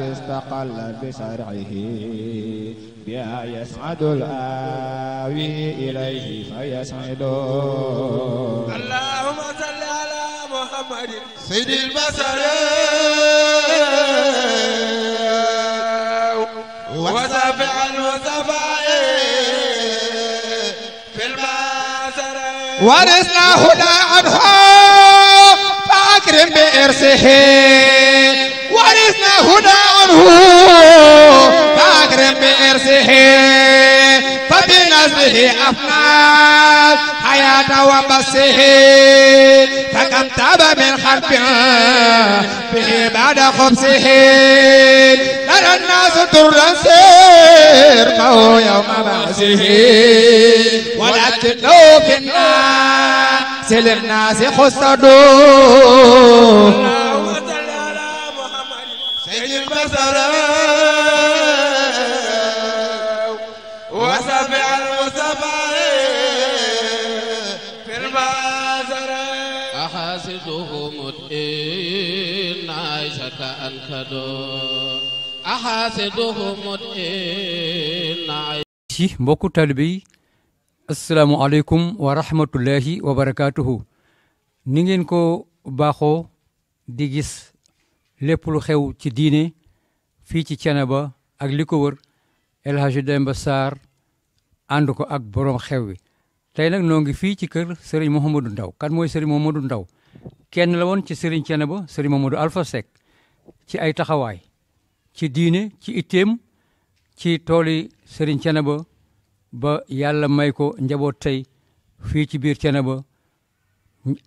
استقل بشرعه بها يسعد الآوي إليه فيسعد اللهم صل على محمد سيد البشر وسافع المصطفى في البشر ورثنا هدى عنه فأكرم بإرثه ورثنا هدى عنه فاكرم بإرثه فبنزله أفناس حياة وبسه فكم تاب من خلف به بعد خبزه لنا الناس درا سيرقه يوم بعثه ولكنه في الناس للناس خسدوا ci mbokku taalibe yi asalaamualeykum wa rahmatullahi wa barakaatuhu ni ngeen ko baaxoo di gis lépp lu xew ci diine fii ci ba ak li ko wër El Hadji ànd ko ak boroom xew wi tey nag noo ngi fii ci kër sëriñ Mouhamadou Ndaw kan mooy Serigne Mouhamadou Ndaw kenn la woon ci Serigne Thiénaba Serigne Mouhamadou Alpha Seck ci ay taxawaay ci diine ci itteem ci tooli Serigne Thiénaba ba yàlla may ko njaboot tey fii ci biir cene ba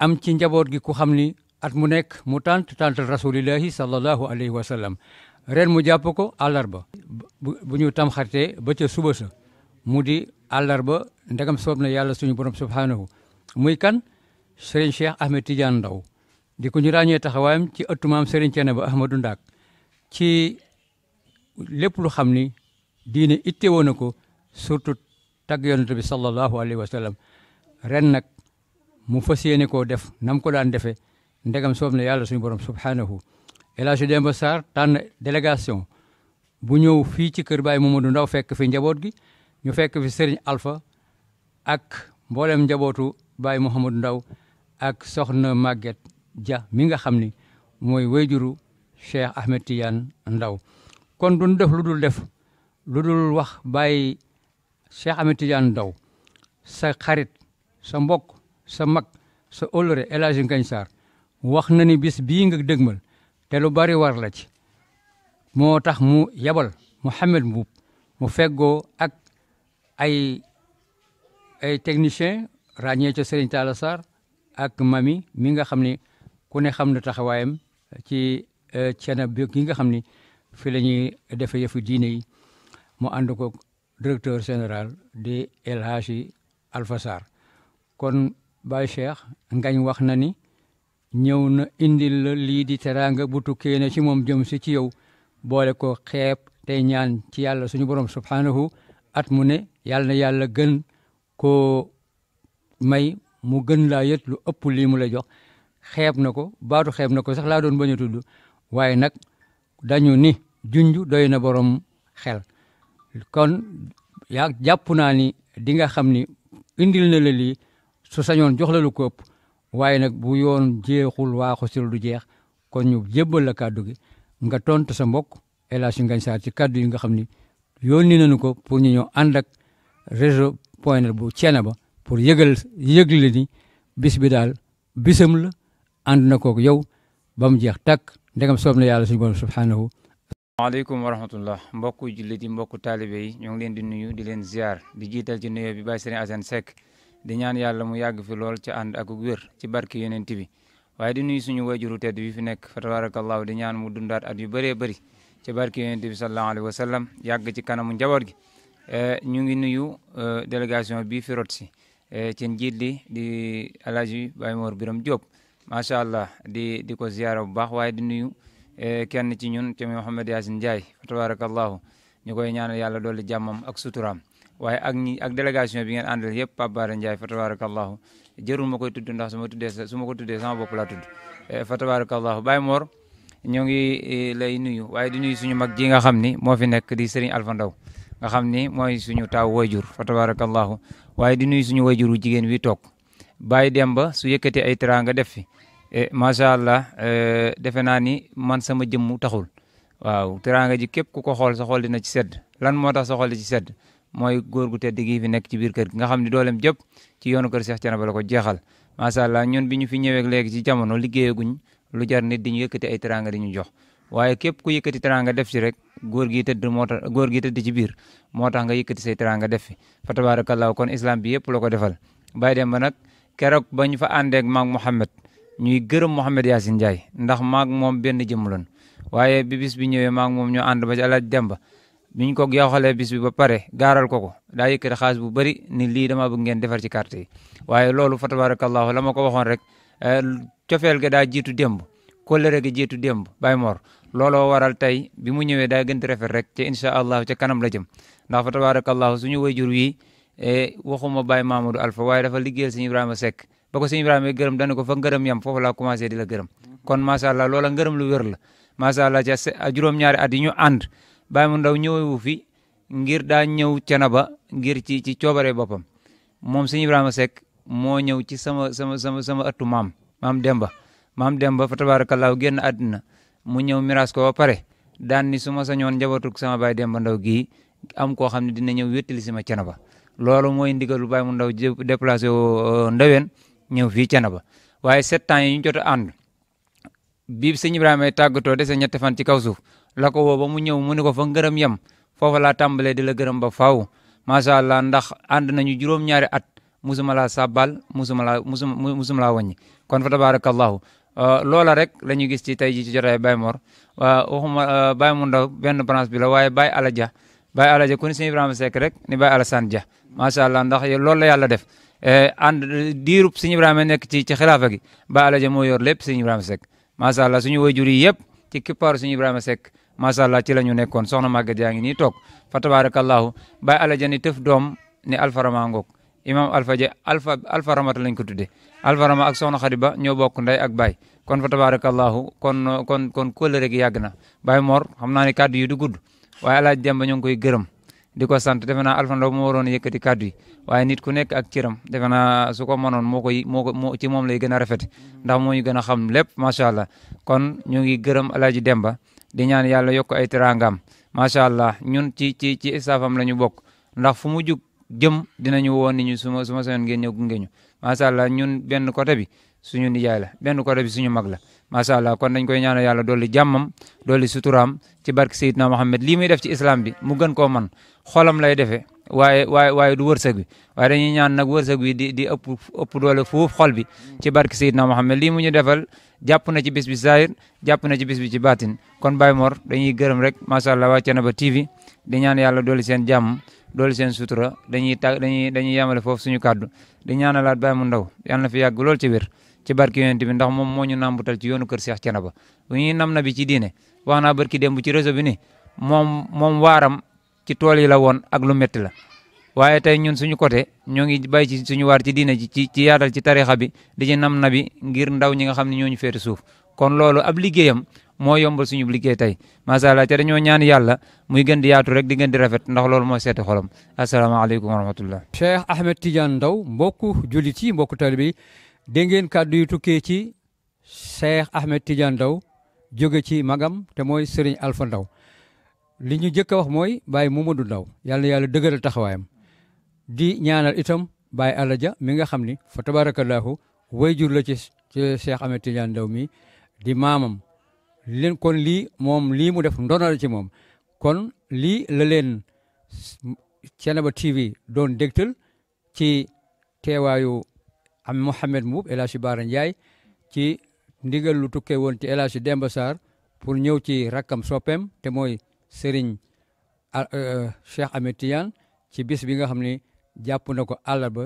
am ci njaboot gi ku xam ni at mu nekk mu tànt tàntal rasulillahi sallallahu alayhi wa sallam ren mu jàpp ko ba bu bu ñu tam ba ca suba sa mu di ba ndegam soob na yàlla suñu borom subhaanahu muy kan Serigne Cheikh Ahmed Tidiane Ndaw di ko ñu ràññee taxawaayam ci ëttu maam Serigne Thiéne ba Ahmadou Ndaak ci lépp lu xam ni diine itteewoo na ko surtout tagg yonent bi sallallahu alayhi wa sallam ren nag mu fas yéene koo def nam ko daan defee ndegam soob na yàlla suñu borom subhaanahu El Demba Sarr tànn délégation bu ñëw fii ci kër Baye du Ndaw fekk fi njaboot gi ñu fekk fi Serigne alfa ak mboolem njabootu Baye Mouhamadou Ndaw ak soxna Maguette Dia mi nga xam ni mooy wéyjuru Cheikh Ahmed Tidiane Ndaw kon duñ def lu dul def lu dul wax bàyyi Cheikh Ahmed Tidiane Ndaw sa xarit sa mbokk sa mag sa ëllëre El Hadj Ngagne wax na ni bis bii nga dëgmal te lu bari war la ci moo tax mu yabal Mouhamed Mboup mu feggoo ak ay ay technicien ràññee ca Serigne Talla Sarr ak mami mi nga xam ni ku ne xam na taxawaayam ci cena euh, bi gi nga xam ni fi la ñuy defe yëfu diine yi mu ànd ko directeur général di El Hadji Alpha kon ba Cheikh Ngañ wax na ni ñëw na indil lii di teraanga bu tukkee ci moom jëm si ci yow boole ko xeeb tey ñaan ci yàlla suñu borom subhaanahu at mu ne yàlla na yàlla gën ko may mu gën laa yët lu ëpp lii mu la jox xeeb na ko baatu xeeb na ko sax laa doon bañ a waaye nag dañu ni junj doy na borom xel kon yaa jàpp naa ni di xam ni indil na la lii su sañoon jox la lu ko ëpp waaye nag bu yoon jeexul waaxusil du jeex kon ñu jébbal la kàddu gi nga tontu sa mbokk El Hadj Ngagne ci kàddu yi nga xam ni ni nañu ko pour ñu ñëw ànd ak réseau point net bu Thiénaba pour yëgal yëgle ni bis daal bisam la ànd na kook yow ba mu jeex tàkk ndegam soob na yàlla suñu borom subhaanahu maaleykum wa rahmatullah mbokku jullit yi mbokku taalibe yi ñoo ngi leen di nuyu di leen ziar di jiital ci nuyoo bi Baye Serigne Assane Seck di ñaan yàlla mu yàgg fi lool ci ànd ak wér ci barke yonent bi waaye di nuyu suñu wajuru tedd bi fi nekk fa tabarakallahu di ñaan mu dundaat at yu bëree bëri ci barki yonent bi sallallahu alayhi wa sallam yàgg ci kanamu njaboot gi eh, ñu ngi nuyu eh, délégation bi fi rot si eh, ci njiit li di Alaaji Baye Mor Biram Diop macha allah di di ko ziyaara bu baax waaye di nuyu kenn ci ñun ci Mouhamed Yacine Ndiaye fa tabarakallahu ñu koy ñaanal yàlla dolli jàmmam ak suturaam waaye ak ñi ak délégation bi ngeen àndal yëpp Pape Bara Ndiaye fa tabarakallahu jërul ma koy tudd ndax su ma tuddee su ma ko tuddee sama bopp laa tudd eh, fa tabarakallahu Baye Mor ñoo ngi eh, lay nuyu waaye di nuyu suñu mag ji nga xam ni moo fi nekk di Serigne Alpha nga xam ni mooy suñu taaw wayjur fa tabarakallahu waaye di nuyu suñu wayjur wu jigéen wi toog Baye Demba su yëkkati ay teraanga def fi eh, macha allah defe naa ni man sama jëmmu taxul waaw teraanga ji képp ku ko xool sa xool dina ci sedd lan moo tax sa xool ci sedd mooy góor gu tedd gi fi nekk ci biir kër gi nga xam ne dooleem jëpp ci yoonu kër Cheikh Thiénaba la ko jeexal macha allah ñun bi ñu fi ñëwee léegi ci jamono liggéeyaguñ lu jar nit di ñu yëkkati ay teranga di ñu jox waaye képp ku yëkkati teranga def ci rek góor gi tëdd moo tax góor gi tëdd ci biir moo tax nga yëkkati say teranga def fi fa tabaarakallaahu kon islam bi yëpp la ko defal bàyyi dem ba nag keroog ba ñu fa àndeek maag Mouhamed ñuy gërëm Mouhamed Yacine Ndiaye ndax maag moom benn jëmuloon waaye bi bis bi ñu ko yoxalee bis bi ba pare gaaral ko ko daa yëkkati xaalis bu bëri ni lii dama bëgg ngeen defar ci carte waaye loolu fa tabarakallahu la ma ko waxoon rek eh, cofeel ga daa jiitu démb kóllëre ga jiitu démb bay moor waral tey bi mu ñëwee daa gën di rek te incha allah ca kanam la jëm ndax fa tabarakallahu suñu wayjur wi eh, waxuma Baye Mamadou Alpha waaye dafa liggéeyal sëñ Ibrahima Seck ba ko sëñ Ibrahima gërëm dana ko fa ngërëm yam foofu laa commencé di la gërëm kon macha la macha allah Baye mu ndaw ñëwewu fi ngir daa ñëw Thiénaba ngir ci ci coobare boppam moom sëñ Ibrahima sek moo ñëw ci sama sama sama sama ëttu maam maam Demba maam Demba fa tabaarakallaahu génn àddina mu ñëw miraas ko pare daan ni su ma sañoon njabootu sama baay Demba ndaw gii am koo xam ne dina ñëw wéttali si ma Thiénaba loolu mooy ndigalu Baye mu ndaw déplacé wu euh, Ndewen ñëw fii Thiénaba waaye sept ans ñu jot a ànd bi sëñ Ibrahima tàggatoo dese ñetti fan ci kaw suuf la ko woo ba mu ñëw mu ne ko fa ngërëm yam foofa laa tàmbalee di la gërëm ba faw macha allah ndax ànd nañu juróom-ñaari at musuma laa sabal musuma laa musuma musuma laa wàññi kon fa tabarakallahu euh, loola rek la ñu gis ci tey ji ci jotaay Baye Mor waxuma euh, Baye mu benn prance bi la waaye Baye Alaja Baye Alaja ku ni sëñ Ibrahima Seck rek ni Baye Alassane ja macha allah ndax loolu la yàlla def euh, ànd diirub sëñ Ibrahima nekk ci ci xilaafa gi Baye moo yor lépp sëñ Ibrahima Seck macha allah suñu waajur yi yëpp ci kippaaru sëñ Ibrahima sek macha allah ci la ñu nekkoon soxna Maguette yaa ngi nii toog fa tabarakallahu Baye Alaja ni tëf doom ne Alfa Rama ngoog imam Alfa je Alfa Alfa Ramata lañ ko tuddee ak soxna Xadi Ba ñoo bokk ndey ak Baye kon fa tabarakallahu kon kon kon kóllëre na Baye Mor xam naa ni kàddu yi du gudd waaye Alaaji Demba ñu ko koy gërëm di ko sant defe naa Alfa Ndaw moo waroon yëkkati kàddu yi waaye nit ku nekk ak cëram defe naa su ko mënoon moo koy moo ko moo ci moom lay a rafet ndax moo a xam lépp macha kon ñu ngi di ñaan yàlla yokk ay teraangam macha allah ñun ci ci ci istafam la ñu bokk ndax fu mu jug jëm dinañu woon ni ñu suma suma seen ngeen ñëw gunge ñu macha allah ñun benn côté bi suñu nijaay la benn côté bi suñu mag la macha allah kon dañ koy ñaanal yàlla dolli jàmmam dolli suturaam ci barke Seydina Mohamed lii muy def ci islam bi mu gën koo man xolam lay defee waaye waaye waaye du wërsëg bi waaye dañuy ñaan nag wërsëg bi di di ëpp ëpp doole fuuf xol bi ci barke Seydina Muhammad lii mu ñu defal jàpp na ci bis bi zahir jàpp na ci bis kon Baye Mor dañuy gërëm rek macha allah waa TV di ñaan yàlla dooli seen jàmm dooli seen sutura dañuy tag dañuy dañuy yemale foofu suñu kàddu di ñaanalaat Baye mu ndaw yàlla na fi yàgg lool ci wér ci barke yonent bi ndax moom moo ñu na bi ci diine wax naa barki démb ci réseau bi moom moom ci tool yi la woon ak lu métti la waaye tey ñun suñu côté ñoo ngi bay suñu waar ci diina ji ci ci yaatal ci tarixa bi di ci nam na bi ngir ndaw ñi nga xam ne ñooñu féete suuf kon loolu ab moo yombal suñu liggéey tey macha allah te dañoo ñaan yàlla muy gën yaatu rek di gën di rafet ndax loolu moo seeti xolam asalaamaaleykum wa rahmatullah. Cheikh Ahmed Tidiane Ndao mbokku jullit yi mbokku taalibe yi dégg ngeen kàddu yu tukkee ci Cheikh Ahmed Tidiane ndaw jóge ci magam te mooy Serigne Alpha ndaw li ñu njëkk a wax mooy Baye Mamadou Ndaw yàlla yàlla dëgëral taxawaayam di ñaanal itam Baye ja mi nga xam ni fa tabarakallahu wayjur la ci ci Cheikh Ahmed Tidiane Ndaw mi di maamam leen kon lii moom lii mu def ndono la ci moom kon lii la leen Thiénaba TV doon dégtal ci teewaayu am Mouhamed Mbuub El Hadj Baara Ndiaye ci ndigal lu tukkee woon ci El Hadj Demba Sarr pour ñëw ci rakkam soppeem te mooy Serigne euh, Cheikh Ahmed Tidiane ci bis bi nga xam ne jàpp na ko ba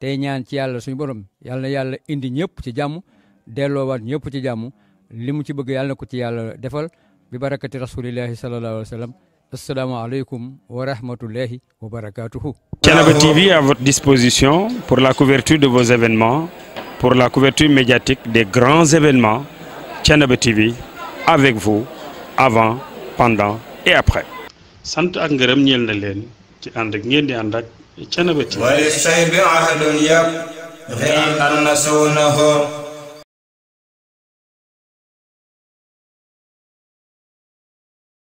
tey ñaan ci yàlla suñu borom yàlla na yàlla indi ñëpp ci jàmm delloowaat ñëpp ci jàmm li mu ci bëgg yàlla na ko ci yàlla defal bi barakati rasulillahi sallallahu alayhi wa sallam asalaamaaleykum wa rahmatullahi wa barakatuhu Thiénaba TV à votre disposition pour la couverture de vos événements pour la couverture médiatique des grands événements Thiénaba TV avec vous avant pendant et après. sant ak ngërëm ñeel na leen ci ànd ak ngeen di ànd ak Thiénaba TV. wali say bi ahadun yab. rëy an nasuunahu